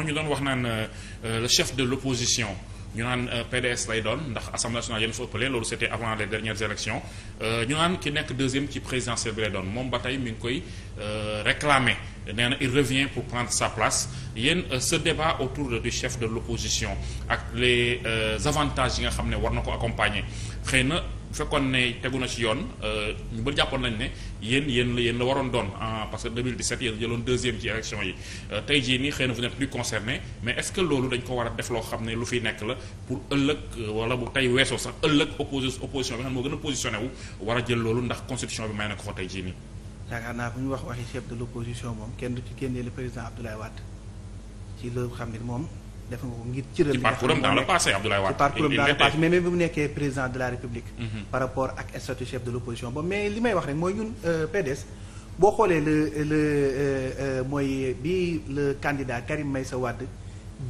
élection ñu doon wax naan euh, le chef de l'opposition ñu naan euh, PDS lay doon ndax assemblée nationale yéen fa ëppale loolu c'était avant les dernières élections euh, ñu naan ki nekk deuxième ci présidentielle bi lay doon moom ba tey mi ngi koy réclamer nee na il revient pour prendre sa place yéen ce débat autour du chef de l'opposition ak les avantages yi nga xam ne war na ko accompagner xëy na bu fekkoon ne tegu na ci yoon euh, ñu bëri jàppoon nañ ne yéen yéen la yéen waroon doon parce que 2017 yéen jëloon deuxième ci élection yi euh, tey jii nii xëy na vous n'êtes plus concerné mais est-ce loolu dañ ko war a def loo xam ne lu fi nekk la pour ëllëg euh, wala bu tey weesoo sax ëllëg opposition opposition bi nga xam moo gën a positionné wu war a jël loolu ndax constitution bi may ne ko fa tey jii nii. yaakaar naa bu ñu wax waxi chef de l'opposition moom kenn du ci génnee le président Abdoulaye Wade xam ne moom. def nga ko ngir cëral. li nga xam ne ci parcours am daal passé mais même bi mu nekkee président de la république. Mhm. par rapport ak statut chef de l' opposition ba mais li may wax rek mooy ñun euh, PDS boo xoolee la le euh, euh, mooy bi le candidat Karim sa Wade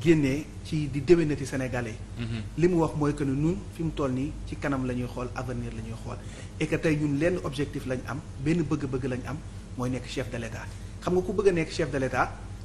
génnee ci di déwénati Sénégalais mhm. li mu wax mooy que ne ñun fi mu toll nii ci kanam la ñuy xool avenir la ñuy xool et tey ñun lenn objectif lañ am benn bëgg-bëgg lañ am mooy nekk chef de l' état xam nga ku bëgg nekk chef de l'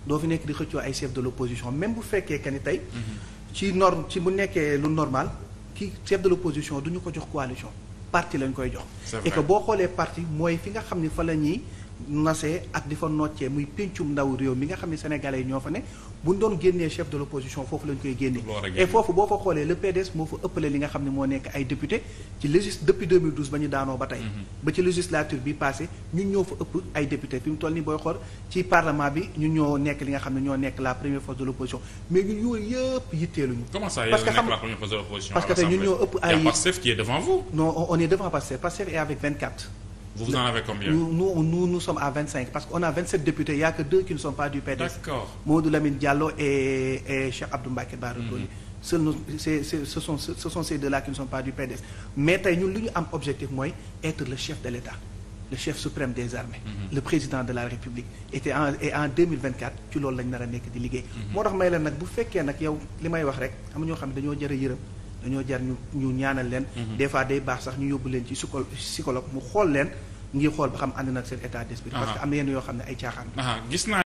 doo fi nekk di xëccoo ay chef de l'opposition même bu fekkee que ni tey. Mm-hmm. ci nor ci bu nekkee lu normal ki chef de l'opposition du ñu ko jox coalition parti lañ koy jox. et que boo xoolee parti mooy fi nga xam ni fa la ñuy. nasee ak di fa noccee muy péncum ndaw réew mi nga xam ne sénégalais yi ñoo fa ne buñ doon génnee chef de l'opposition foofu lañ koy génnee et foofu boo fa xoolee le PDS moo fa ëppale li nga xam ne moo nekk ay député ci légis depuis 2012 ba ñu daanoo ba tey mm-hmm. ba ci législature bi passé ñun ñoo fa ëpp ay député fi toll nii booy xool ci parlement bi ñun ñoo nekk li nga xam ne ñoo nekk la première force de l'opposition mais ñun ñoo ëpp ay Pastef qui Vous vous en avez combien Nous nous nous, nous sommes a 27 députés, il y a que deux qui ne sont pas du PDS. D'accord. Mamadou Lamine Diallo et et Cheikh Abdou Mbacké Bara mhm. Dolly. Seuls nous deux-là qui ne sont pas du PDS. Mais tey ñun li ñu am objectif mooy être le chef de l'État, le chef suprême des armées, mm -hmm. le président de la République. était en et en 2024 ci loolu lañ nar a nekk di liggéey. Mhm. moo tax may la nag bu fekkee nag yow li may wax rek am ñoo xam ne dañoo jëre yërëm. dañoo jar ñu ñu ñaanal leen. Mhm. des fois day baax sax ñu yóbbu leen ci psychologue mu xool leen ngir xool ba xam ànd nag seen état d'esprit. parce que am na yenn yoo xam ne ay caaxaan.